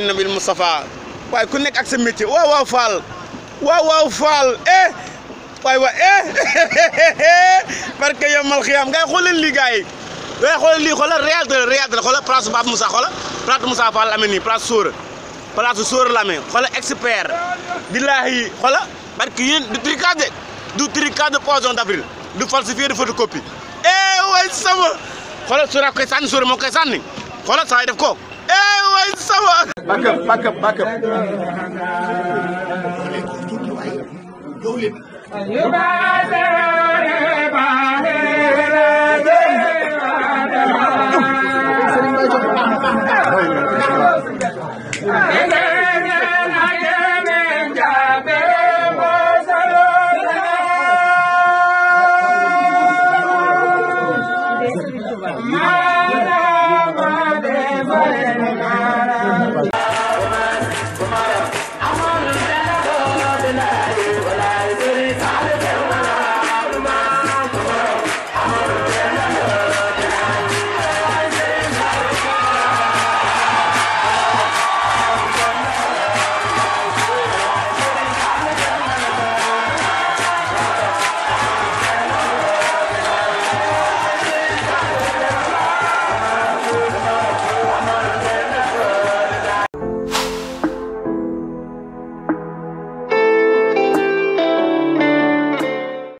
mubashirin bil Mustafa waaye ku nekk ak sa métier waaw waaw Fall waaw waaw Fall waaye wa eh parce que yow mal xiyaam ngay xoolal lii gars yi ngay xoolal lii xoolal Riyad la Riyad la xoolal place Pape Moussa xoolal place Moussa Fall la amee nii place Sóora place Sóora la amee xoolal expert billaahi xoolal parce que yéen du tricade du tricade poisson d'avril du falsifier de photocopie eh way sama xoolal Sóora koy sànni Sóora moo koy sànni xoolal saa yi def ko eh way sama back up back up back up dole